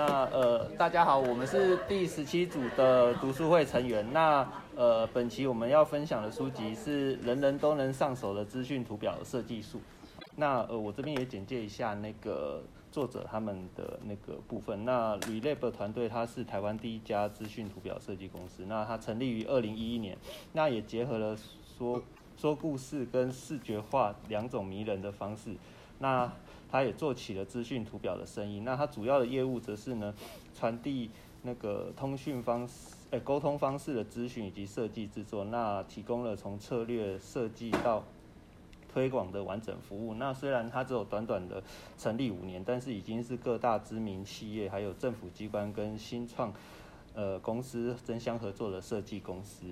那呃，大家好，我們是第十七組的讀書會成員。那呃，本期我們要分享的書籍是《人人都能上手的資訊圖表設計術》。那呃，我這邊也簡介一下那個作者他們的那個部分。那 Relab 團隊它是台灣第一家資訊圖表設計公司。那它成立於二零一一年。那也結合了說說故事跟視覺化兩種迷人的方式。那他也做起了資訊圖表的生意。那他主要的業務則是呢，傳遞那個通訊方式、誒、欸、溝通方式的資訊以及設計製作。那提供了從策略設計到推廣的完整服務。那雖然他只有短短的成立五年，但是已經是各大知名企業，還有政府機關跟新創呃公司爭相合作的設計公司。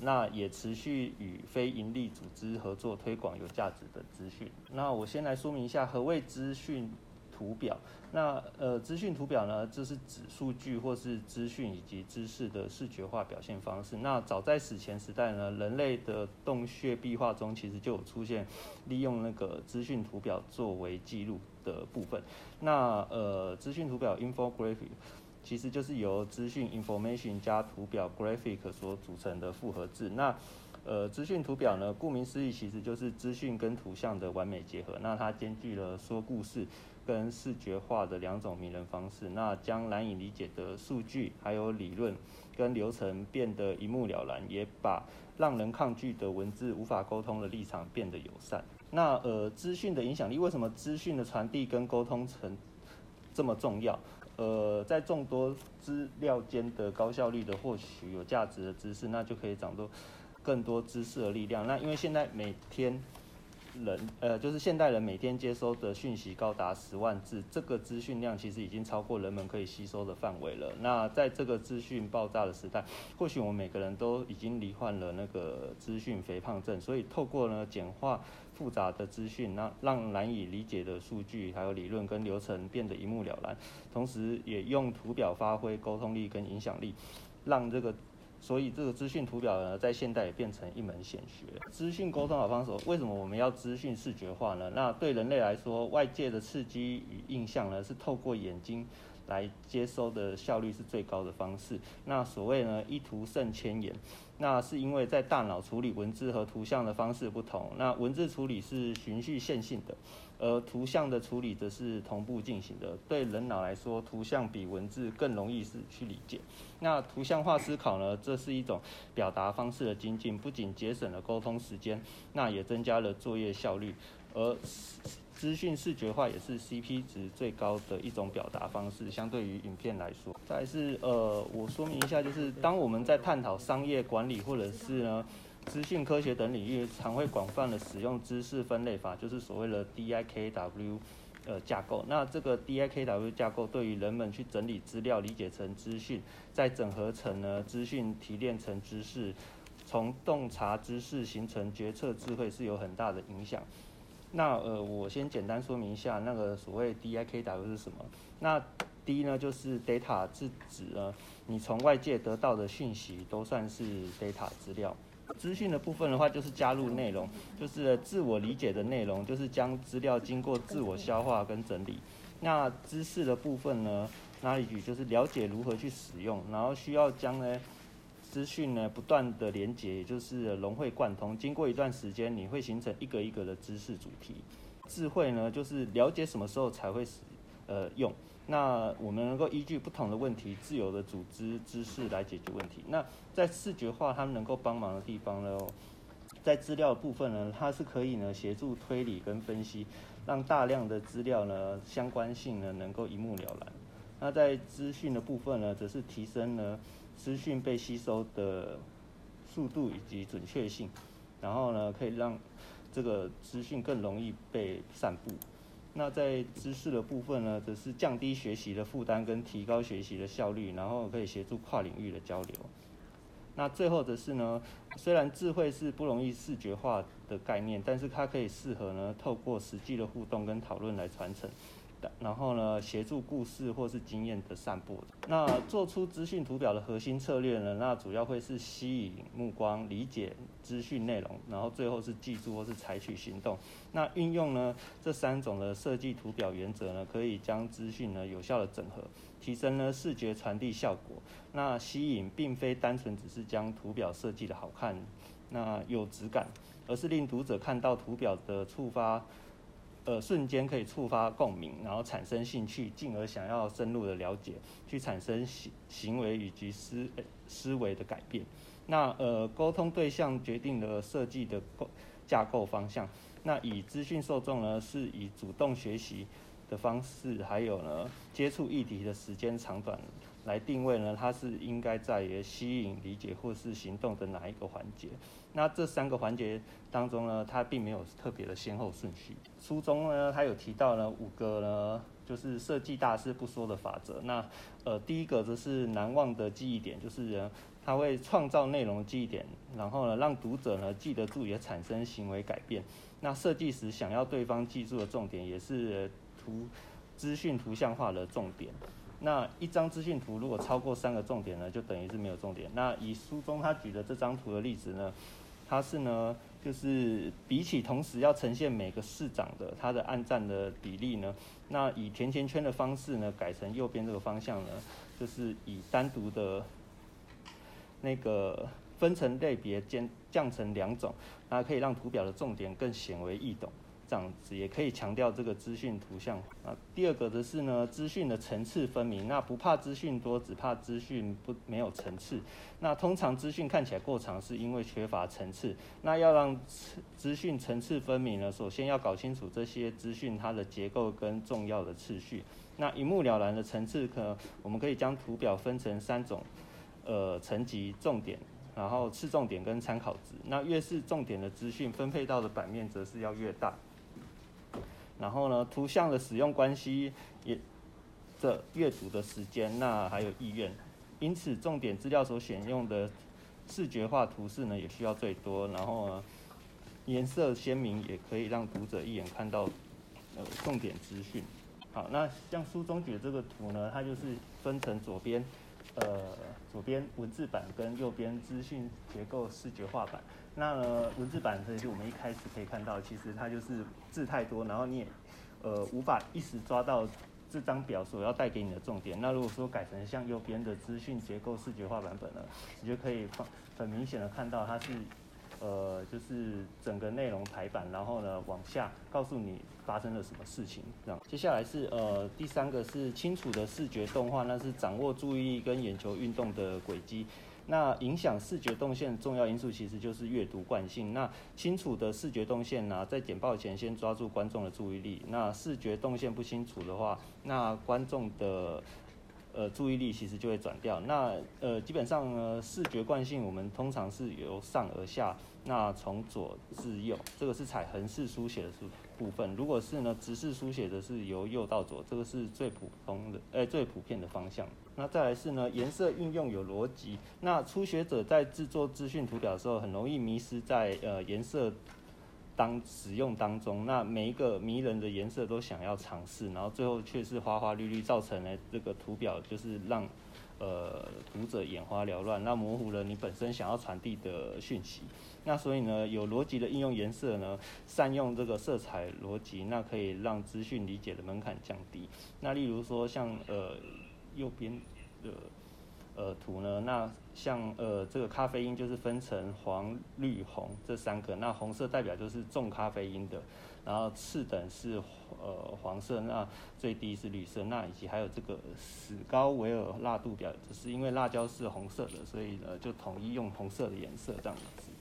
那也持續與非營利組織合作，推廣有價值的資訊。那我先來說明一下何謂資訊圖表。那呃，資訊圖表呢，就是指數據或是資訊以及知識的視覺化表現方式。那早在史前時代呢，人類的洞穴壁畫中其實就有出現利用那個資訊圖表作為記錄的部分。那呃，資訊圖表 （Infographic）。Infographic 其實就是由資訊 （information） 加圖表 （graphic） 所組成的複合字。那，呃，資訊圖表呢，顧名思義，其實就是資訊跟圖像的完美結合。那它兼具了說故事跟視覺化的兩種迷人方式。那將難以理解的數據、還有理論跟流程變得一目了然，也把讓人抗拒的文字、無法溝通的立場變得友善。那呃，資訊的影響力，為什麼資訊的傳遞跟溝通成這麼重要？呃，在眾多資料間的高效率的獲取有價值的知識，那就可以掌握更多知識的力量。那因為現在每天人呃，就是現代人每天接收的訊息高達十萬字，這個資訊量其實已經超過人們可以吸收的範圍了。那在這個資訊爆炸的時代，或許我們每個人都已經罹患了那個資訊肥胖症，所以透過呢，簡化。複雜的資訊，那讓難以理解的數據還有理論跟流程變得一目了然，同時也用圖表發揮溝通力跟影響力，讓這個，所以這個資訊圖表呢，在現代也變成一門顯學。資訊溝通好幫手，為什麼我們要資訊視覺化呢？那對人類來說，外界的刺激與印象呢，是透過眼睛。來接收的效率是最高的方式。那所謂呢，一圖勝千言，那是因為在大腦處理文字和圖像的方式不同。那文字處理是循序線性的，而圖像的處理則是同步進行的。對人腦來說，圖像比文字更容易是去理解。那圖像化思考呢，這是一種表達方式的精進，不僅節省了溝通時間，那也增加了作業效率。而資訊視覺化也是 CP 值最高的一種表達方式，相對於影片來說。再來是呃，我說明一下，就是當我們在探討商業管理或者是呢資訊科學等領域，常會廣泛的使用知識分類法，就是所謂的 D I K W 呃架構。那這個 D I K W 架構對於人們去整理資料、理解成資訊、再整合成呢資訊、提煉成知識、從洞察知識形成決策智慧，是有很大的影響。那呃，我先簡單說明一下那個所謂 D I K W 是什麼。那 D 呢，就是 data，是指呢、呃，你從外界得到的訊息都算是 data 資料。資訊的部分的話，就是加入內容，就是自我理解的內容，就是將資料經過自我消化跟整理。那知識的部分呢，那也就是了解如何去使用，然後需要將呢。資訊呢，不斷的連接，也就是融會貫通。經過一段時間，你會形成一個一個的知識主題。智慧呢，就是了解什麼時候才會使呃用。那我們能夠依據不同的問題，自由的組織知識來解決問題。那在視覺化，他們能夠幫忙的地方呢，在資料的部分呢，它是可以呢協助推理跟分析，讓大量的資料呢相關性呢能夠一目了然。那在資訊的部分呢，則是提升呢。資訊被吸收的速度以及準確性，然後呢，可以讓這個資訊更容易被散布。那在知識的部分呢，則是降低學習的負擔跟提高學習的效率，然後可以協助跨領域的交流。那最後則是呢，雖然智慧是不容易視覺化的概念，但是它可以適合呢，透過實際的互動跟討論來傳承。然後呢，協助故事或是經驗的散播。那做出資訊圖表的核心策略呢？那主要會是吸引目光、理解資訊內容，然後最後是記住或是採取行動。那運用呢這三種的設計圖表原則呢，可以將資訊呢有效地整合，提升呢視覺傳遞效果。那吸引並非單純只是將圖表設計得好看，那有質感，而是令讀者看到圖表的觸發。呃，瞬間可以觸發共鳴，然後產生興趣，進而想要深入的了解，去產生行行為以及思思維的改變。那呃，溝通對象決定了設計的構架構方向。那以資訊受眾呢，是以主動學習的方式，還有呢，接觸議題的時間長短。來定位呢，它是應該在於吸引、理解或是行動的哪一個環節？那這三個環節當中呢，它並沒有特別的先後順序。書中呢，它有提到了五個呢，就是設計大師不說的法則。那呃，第一個就是難忘的記憶點，就是它會創造內容記憶點，然後呢，讓讀者呢記得住，也產生行為改變。那設計時想要對方記住的重點，也是圖資訊圖像化的重點。那一張資訊圖如果超過三個重點呢，就等於是沒有重點。那以書中他舉的這張圖的例子呢，它是呢，就是比起同時要呈現每個市長的他的按讚的比例呢，那以甜甜圈的方式呢，改成右邊這個方向呢，就是以單獨的那個分層類別降成兩種，那可以讓圖表的重點更顯為易懂。這樣子也可以強調這個資訊圖像。啊第二個的是呢，資訊的層次分明。那不怕資訊多，只怕資訊不沒有層次。那通常資訊看起來過長，是因為缺乏層次。那要讓資訊層次分明呢，首先要搞清楚這些資訊它的結構跟重要的次序。那一目了然的層次，可我們可以將圖表分成三種，呃，層級、重點，然後次重點跟參考值。那越是重點的資訊分配到的版面，則是要越大。然後呢，圖像的使用關係也這閱讀的時間，那還有意願，因此重點資料所選用的視覺化圖示呢，也需要最多。然後呢，顏色鮮明也可以讓讀者一眼看到呃重點資訊。好，那像書中舉的這個圖呢，它就是分成左邊。呃，左邊文字版跟右邊資訊結構視覺化版，那呢文字版就是我們一開始可以看到，其實它就是字太多，然後你也呃無法一時抓到這張表所要帶給你的重點。那如果說改成像右邊的資訊結構視覺化版本呢？你就可以很明顯的看到它是。呃，就是整個內容排版，然後呢，往下告訴你發生了什麼事情，這樣。接下來是呃第三個是清楚的視覺動畫，那是掌握注意力跟眼球運動的軌跡。那影響視覺動線重要因素其實就是閱讀慣性。那清楚的視覺動線呢，在簡報前先抓住觀眾的注意力。那視覺動線不清楚的話，那觀眾的。呃，注意力其實就會轉掉。那呃，基本上呢，視覺慣性我們通常是由上而下，那從左至右，這個是採橫式書寫的部部分。如果是呢，直式書寫的是由右到左，這個是最普通的，哎、欸，最普遍的方向。那再來是呢，顏色運用有邏輯。那初學者在制作資訊圖表的時候，很容易迷失在呃顏色。當使用當中，那每一個迷人的顏色都想要嘗試，然後最後卻是花花綠綠，造成了這個圖表就是讓呃讀者眼花繚亂，那模糊了你本身想要傳遞的訊息。那所以呢，有邏輯的應用顏色呢，善用這個色彩邏輯，那可以讓資訊理解的門檻降低。那例如說像呃右邊的呃圖呢，那像呃，這個咖啡因就是分成黃、綠、紅這三個，那紅色代表就是重咖啡因的，然後次等是呃黃色，那最低是綠色，那以及還有這個史高維爾辣度表演，就是因為辣椒是紅色的，所以呢，呃，就統一用紅色的顏色這樣子。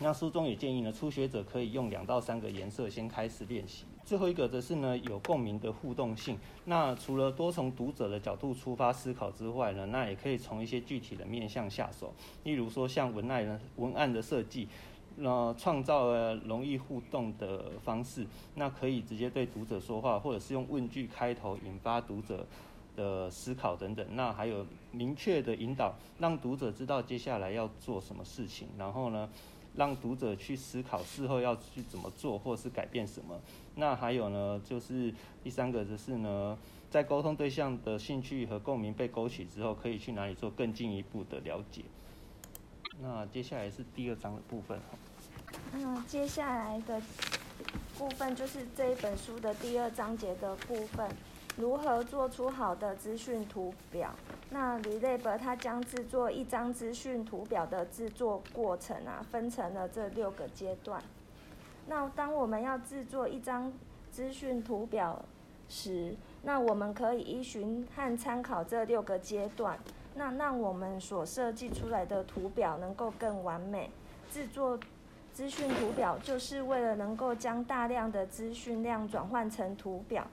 那書中也建議呢，初學者可以用兩到三個顏色先開始練習。最後一個則是呢，有共鳴的互動性。那除了多從讀者的角度出發思考之外呢，那也可以從一些具體的面向下手，例如說像文案的文案的設計，那創造了容易互動的方式，那可以直接對讀者說話，或者是用問句開頭引發讀者的思考等等。那還有明確的引導，讓讀者知道接下來要做什麼事情，然後呢，讓讀者去思考事後要去怎麼做，或是改變什麼。那還有呢，就是第三個，就是呢，在溝通對象的興趣和共鳴被勾起之後，可以去哪裡做更進一步的了解。那接下來是第二章的部分哈。嗯，接下來的部分就是這一本書的第二章節的部分。如何做出好的資訊圖表？那李雷伯他將製作一張資訊圖表的製作過程啊，分成了這六個階段。那當我們要製作一張資訊圖表時，那我們可以依循和參考這六個階段，那讓我們所設計出來的圖表能夠更完美。製作資訊圖表就是為了能夠將大量的資訊量轉換成圖表。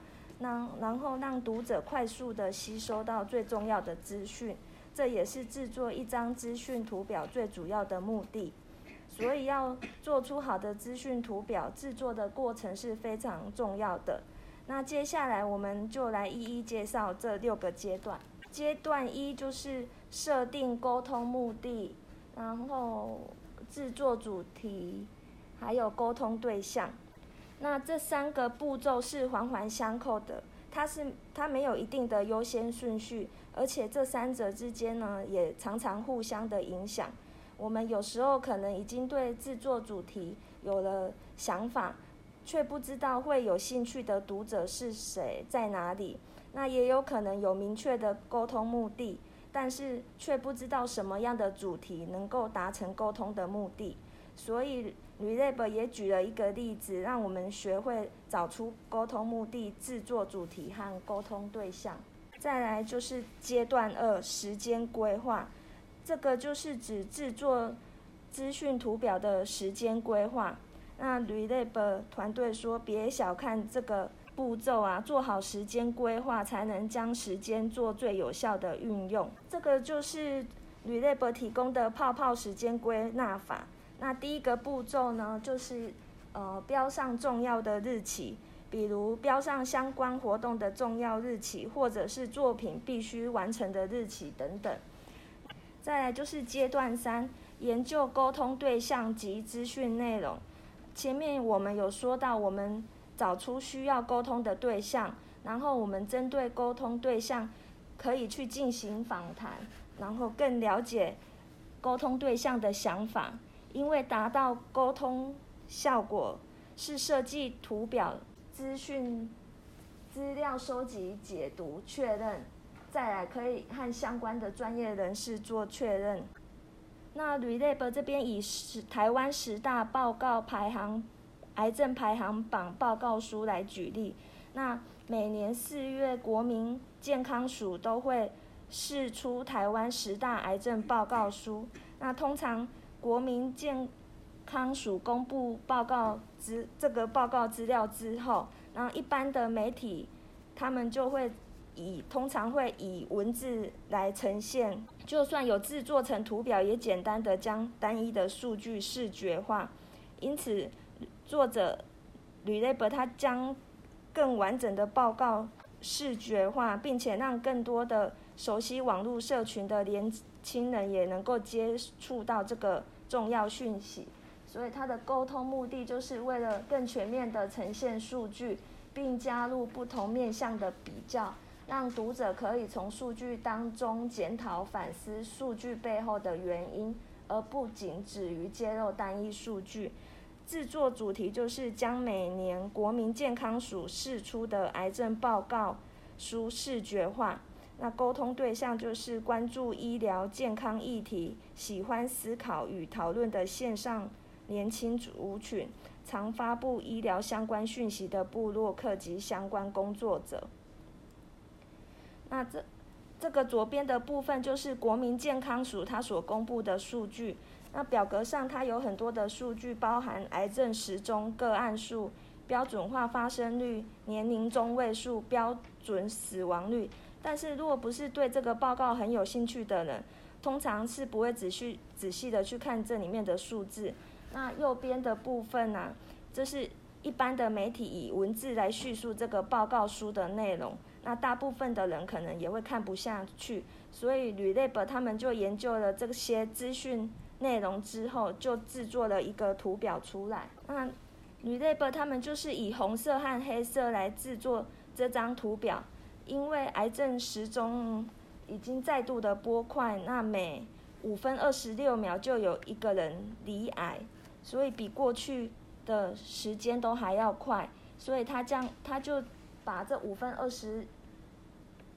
然後讓讀者快速地吸收到最重要的資訊，這也是制作一張資訊圖表最主要的目的。所以要做出好的資訊圖表，制作的過程是非常重要的。那接下來我們就來一一介紹這六個階段。階段一就是設定溝通目的，然後制作主題，還有溝通對象。那這三個步驟是環環相扣的，它是它沒有一定的優先順序，而且這三者之間呢也常常互相的影響。我們有時候可能已經對制作主題有了想法，卻不知道會有興趣的讀者是誰在哪裡。那也有可能有明確的溝通目的，但是卻不知道什麼樣的主題能夠達成溝通的目的。所以，Relab 也舉了一個例子，讓我們學會找出溝通目的、制作主題和溝通對象。再來就是階段二時間規劃，這個就是指制作資訊圖表的時間規劃。那 Relab 團隊說，別小看這個步驟啊，做好時間規劃才能將時間做最有效的運用。這個就是 Relab 提供的泡泡時間歸納法。那第一個步驟呢，就是，呃，標上重要的日期，比如標上相關活動的重要日期，或者是作品必須完成的日期等等。再來就是階段三，研究溝通對象及資訊內容。前面我們有說到，我們找出需要溝通的對象，然後我們針對溝通對象可以去進行訪談，然後更了解溝通對象的想法。因為達到溝通效果，是設計圖表、資訊、資料收集、解讀、確認，再來可以和相關的專業人士做確認。那 RE:LAB 這邊以台台灣十大報告排行、癌症排行榜報告書來舉例。那每年四月，國民健康署都會釋出台灣十大癌症報告書。那通常，國民健康署公布報告資，這個報告資料之後，然後一般的媒體，他們就會以通常會以文字來呈現，就算有制作成圖表，也簡單的將單一的數據視覺化。因此，作者 Re-lab 他將更完整的報告視覺化，並且讓更多的熟悉網絡社群的年輕人也能夠接觸到這個。重要訊息，所以它的溝通目的就是為了更全面地呈現數據，並加入不同面向的比較，讓讀者可以從數據當中檢討反思數據背後的原因，而不僅止於揭露單一數據。制作主題就是將每年國民健康署釋出的癌症報告書視覺化。那溝通對象就是關注醫療健康議題、喜歡思考與討論的線上年輕族群，常發布醫療相關訊息的部落客及相關工作者。那這這個左邊的部分就是國民健康署它所公布的數據。那表格上它有很多的數據，包含癌症時鐘個案數、標準化發生率、年齡中位數、標準死亡率。但是，如果不是對這個報告很有興趣的人，通常是不會仔細仔細的去看這裡面的數字。那右邊的部分呢、啊？這是一般的媒體以文字來敘述這個報告書的內容。那大部分的人可能也會看不下去，所以，呂雷伯他們就研究了這些資訊內容之後，就製作了一個圖表出來。那呂雷伯他們就是以紅色和黑色來製作這張圖表。因為癌症時鐘已經再度的撥快，那每五分二十六秒就有一個人罹癌，所以比過去的時間都還要快。所以他將，他就把這五分二十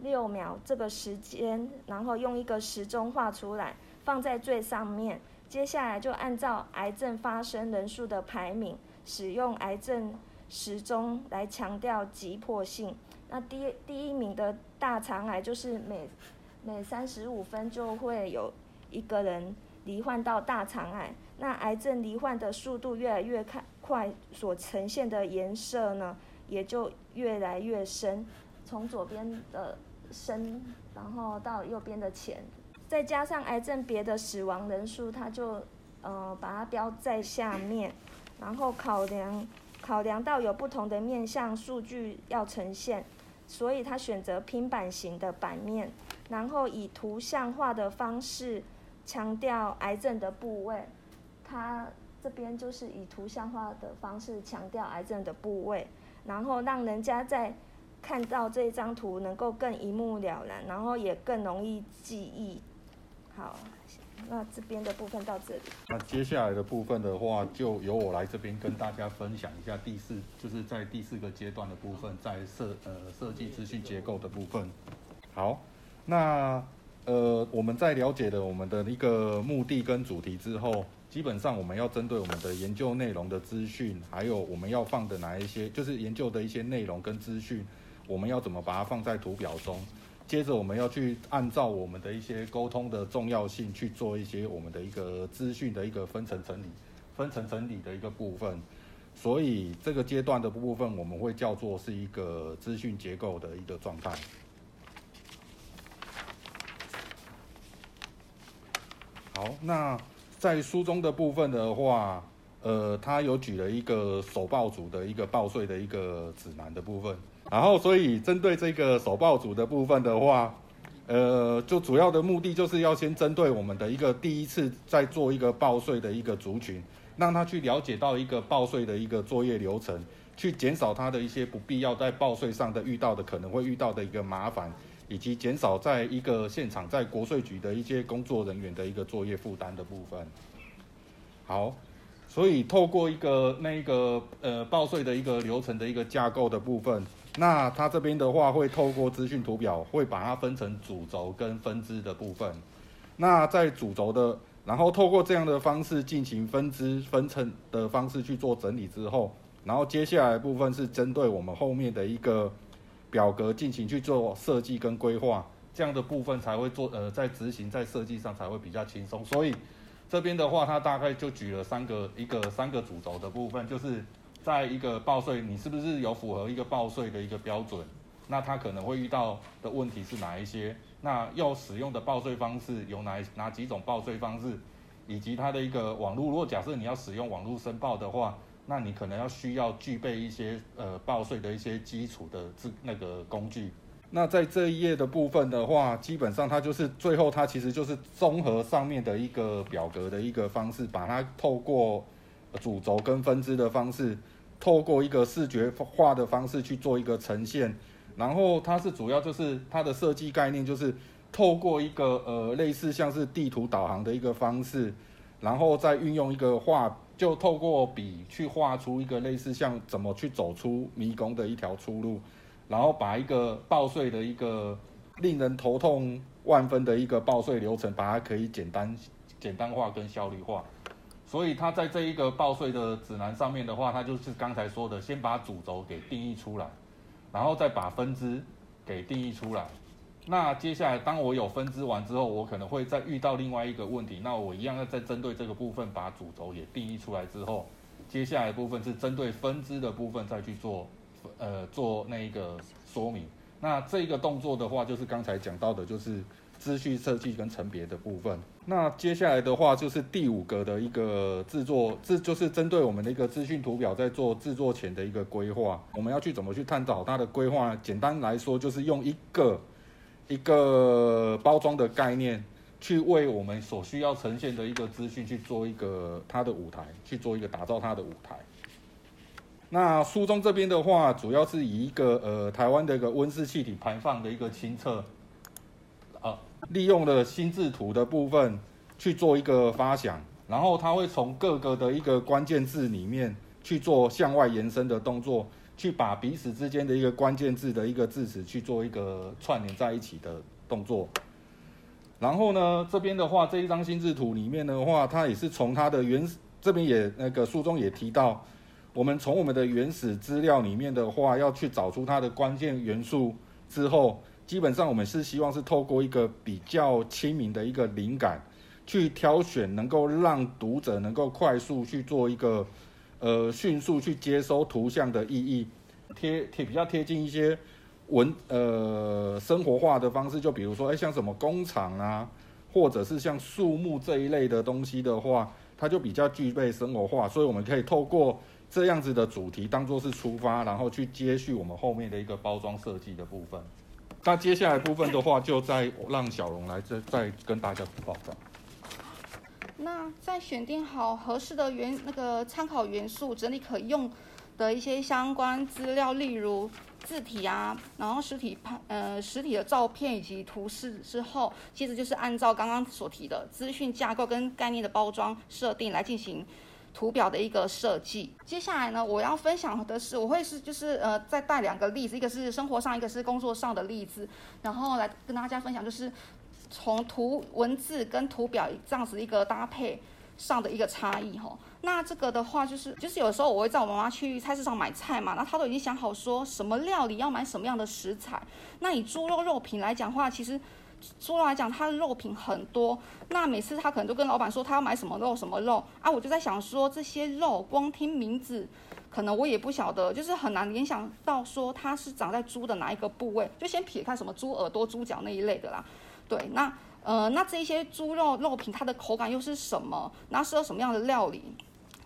六秒這個時間，然後用一個時鐘畫出來，放在最上面。接下來就按照癌症發生人數的排名，使用癌症時鐘來強調急迫性。那第第一名的大腸癌就是每每三十五分就會有一個人罹患到大腸癌。那癌症罹患的速度越來越快，快所呈現的顏色呢，也就越來越深，從左邊的深，然後到右邊的淺。再加上癌症別的死亡人數，它就呃把它標在下面，然後考量考量到有不同的面向數據要呈現。所以他選擇拼版型的版面，然後以圖像化的方式強調癌症的部位。他這邊就是以圖像化的方式強調癌症的部位，然後讓人家在看到這張圖能夠更一目了然，然後也更容易記憶。好。那這邊的部分到這裡。那接下來的部分的話，就由我來這邊跟大家分享一下第四，就是在第四個階段的部分，在設呃設計資訊結構的部分。好，那呃我們在了解了我們的一個目的跟主題之後，基本上我們要針對我們的研究內容的資訊，還有我們要放的哪一些，就是研究的一些內容跟資訊，我們要怎麼把它放在圖表中。接着我們要去按照我們的一些溝通的重要性，去做一些我們的一個資訊的一個分層整理。分層整理的一個部分，所以這個階段的部分我們會叫做是一個資訊結構的一個狀態。好，那在書中的部分的話，呃，他有舉了一個手報組的一個報稅的一個指南的部分。然後，所以針對這個手報組的部分的話，呃，就主要的目的就是要先針對我們的一個第一次在做一個報稅的一個族群，讓他去了解到一個報稅的一個作業流程，去減少他的一些不必要在報稅上的遇到的可能會遇到的一個麻煩，以及減少在一個現場在國稅局的一些工作人員的一個作業負擔的部分。好，所以透過一個那一個呃報稅的一個流程的一個架構的部分。那它這邊的話，會透過資訊圖表，會把它分成主軸跟分支的部分。那在主軸的，然後透過這樣的方式進行分支分成的方式去做整理之後，然後接下來的部分是針對我們後面的一個表格進行去做設計跟規劃，這樣的部分才會做呃，在執行在設計上才會比較輕鬆。所以這邊的話，它大概就舉了三個一個三個主軸的部分，就是。在一個報稅，你是不是有符合一個報稅的一個標準？那他可能會遇到的問題是哪一些？那要使用的報稅方式有哪哪幾種報稅方式？以及他的一個網絡，如果假設你要使用網絡申報的話，那你可能要需要具備一些呃報稅的一些基礎的自那個工具。那在這一頁的部分的話，基本上它就是最後它其實就是綜合上面的一個表格的一個方式，把它透過主軸跟分支的方式。透過一個視覺化的方式去做一個呈現，然後它是主要就是它的設計概念就是透過一個呃類似像是地圖導航的一個方式，然後再運用一個畫就透過筆去畫出一個類似像怎麼去走出迷宮的一條出路，然後把一個報稅的一個令人頭痛萬分的一個報稅流程，把它可以簡單簡單化跟效率化。所以它在這一個報稅的指南上面的話，它就是剛才說的，先把主軸給定義出來，然後再把分支給定義出來。那接下來當我有分支完之後，我可能會再遇到另外一個問題，那我一樣要再針對這個部分把主軸也定義出來之後，接下來的部分是針對分支的部分再去做，呃，做那個說明。那這個動作的話，就是剛才講到的，就是。資訊設計跟層別的部分，那接下來的話就是第五個的一個製作，這就是針對我們的一個資訊圖表在做製作前的一個規劃。我們要去怎麼去探討它的規劃？簡單來說，就是用一個一個包裝的概念，去為我們所需要呈現的一個資訊去做一個它的舞台，去做一個打造它的舞台。那書中這邊的話，主要是以一個呃台灣的一個溫室氣體排放的一個清冊。利用了心智圖的部分去做一個發想，然後它會從各個的一個關鍵字裡面去做向外延伸的動作，去把彼此之間的一個關鍵字的一個字詞去做一個串聯在一起的動作。然後呢，這邊的話，這一張心智圖裡面的話，它也是從它的原始，這邊也那個書中也提到，我們從我們的原始資料裡面的話，要去找出它的關鍵元素之後。基本上，我們是希望是透過一個比較親民的一個靈感，去挑選能夠讓讀者能夠快速去做一個，呃，迅速去接收圖像的意義，貼貼比較貼近一些文呃生活化的方式。就比如說，誒、欸、像什麼工廠啊，或者是像樹木這一類的東西的話，它就比較具備生活化，所以我們可以透過這樣子的主題當做是出發，然後去接續我們後面的一個包裝設計的部分。那接下來部分的話，就再讓小龍來再再跟大家報告。那在選定好合適的元那個參考元素，整理可用的一些相關資料，例如字體啊，然後實體拍呃實體的照片以及圖示之後，其實就是按照剛剛所提的資訊架構跟概念的包裝設定來進行圖表的一個設計，接下來呢，我要分享的是，我會是就是呃，再帶兩個例子，一個是生活上，一個是工作上的例子，然後來跟大家分享，就是從圖文字跟圖表這樣子一個搭配上的一個差異哈。那這個的話，就是就是有時候我會在我媽媽去菜市場買菜嘛，那她都已經想好說什麼料理要買什麼樣的食材，那以豬肉肉品來講的話，其實說來講，它的肉品很多，那每次他可能就跟老板說他要買什麼肉什麼肉啊，我就在想說這些肉光聽名字，可能我也不曉得，就是很難聯想到說它是長在豬的哪一個部位，就先撇開什麼豬耳朵、豬腳那一類的啦。對，那呃，那這些豬肉肉品它的口感又是什麼？那適合什麼樣的料理？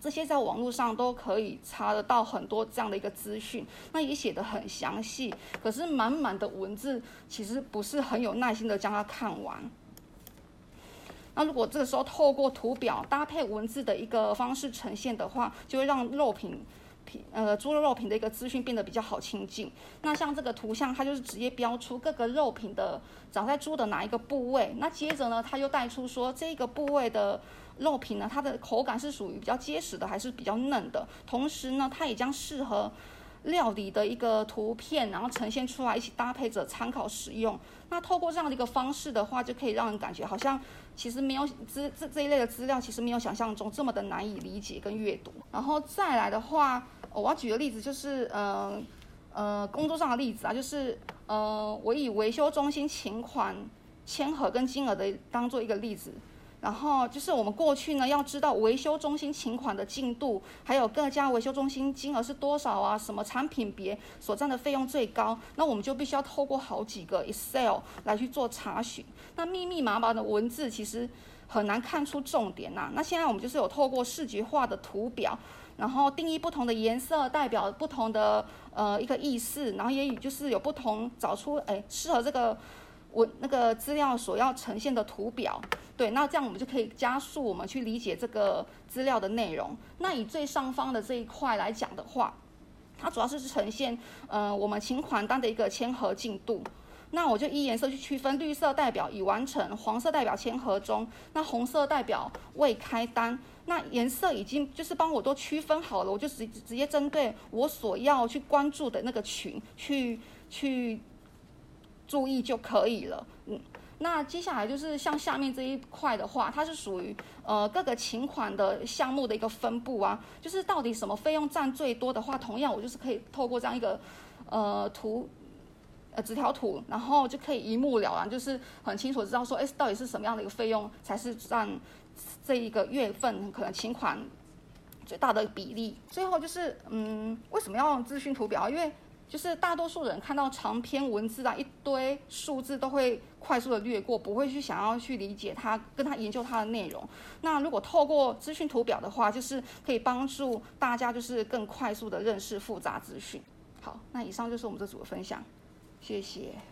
這些在網絡上都可以查得到很多這樣的一個資訊，那也寫的很詳細，可是滿滿的文字其實不是很有耐心的將它看完。那如果這個時候透過圖表搭配文字的一個方式呈現的話，就會讓肉品。呃，豬肉肉品的一個資訊變得比較好親近。那像這個圖像，它就是直接標出各個肉品的長在豬的哪一個部位。那接着呢，它又帶出說這個部位的肉品呢，它的口感是屬於比較結實的，還是比較嫩的。同時呢，它也將適合。料理的一個圖片，然後呈現出來一起搭配着參考使用。那透過這樣的一個方式的話，就可以讓人感覺好像其實沒有這這這一類的資料，其實沒有想象中這麼的難以理解跟閱讀。然後再來的話，我要舉個例子就是，嗯呃，呃，工作上的例子啊，就是呃，我以維修中心請款簽核跟金額的當做一個例子。然後就是我們過去呢，要知道維修中心請款的進度，還有各家維修中心金額是多少啊？什麼產品別所占的費用最高？那我們就必須要透過好幾個 Excel 來去做查詢。那密密麻麻的文字其實很難看出重點吶啊。那現在我們就是有透過視覺化的圖表，然後定義不同的顏色代表不同的呃一個意思，然後也就是有不同找出哎適合這個。我那個資料所要呈現的圖表，對，那這樣我們就可以加速我們去理解這個資料的內容。那以最上方的這一塊來講的話，它主要是呈現呃我們請款單的一個簽核進度。那我就依顏色去區分，綠色代表已完成，黃色代表簽核中，那紅色代表未開單。那顏色已經就是幫我都區分好了，我就直直接針對我所要去關注的那個群去去。去注意就可以了，嗯，那接下來就是像下面這一塊的話，它是屬於呃各個請款的項目的一個分布啊，就是到底什麼費用占最多的話，同樣我就是可以透過這樣一個呃圖，呃直條圖，然後就可以一目了然，就是很清楚知道說，哎、欸，到底是什麼樣的一個費用才是占這一個月份可能請款最大的比例。最後就是，嗯，為什麼要用資訊圖表、啊？因為就是大多數人看到長篇文字啊，一堆數字都會快速的略過，不會去想要去理解它，跟它研究它的內容。那如果透過資訊圖表的話，就是可以幫助大家就是更快速的認識複雜資訊。好，那以上就是我們這組的分享，謝謝。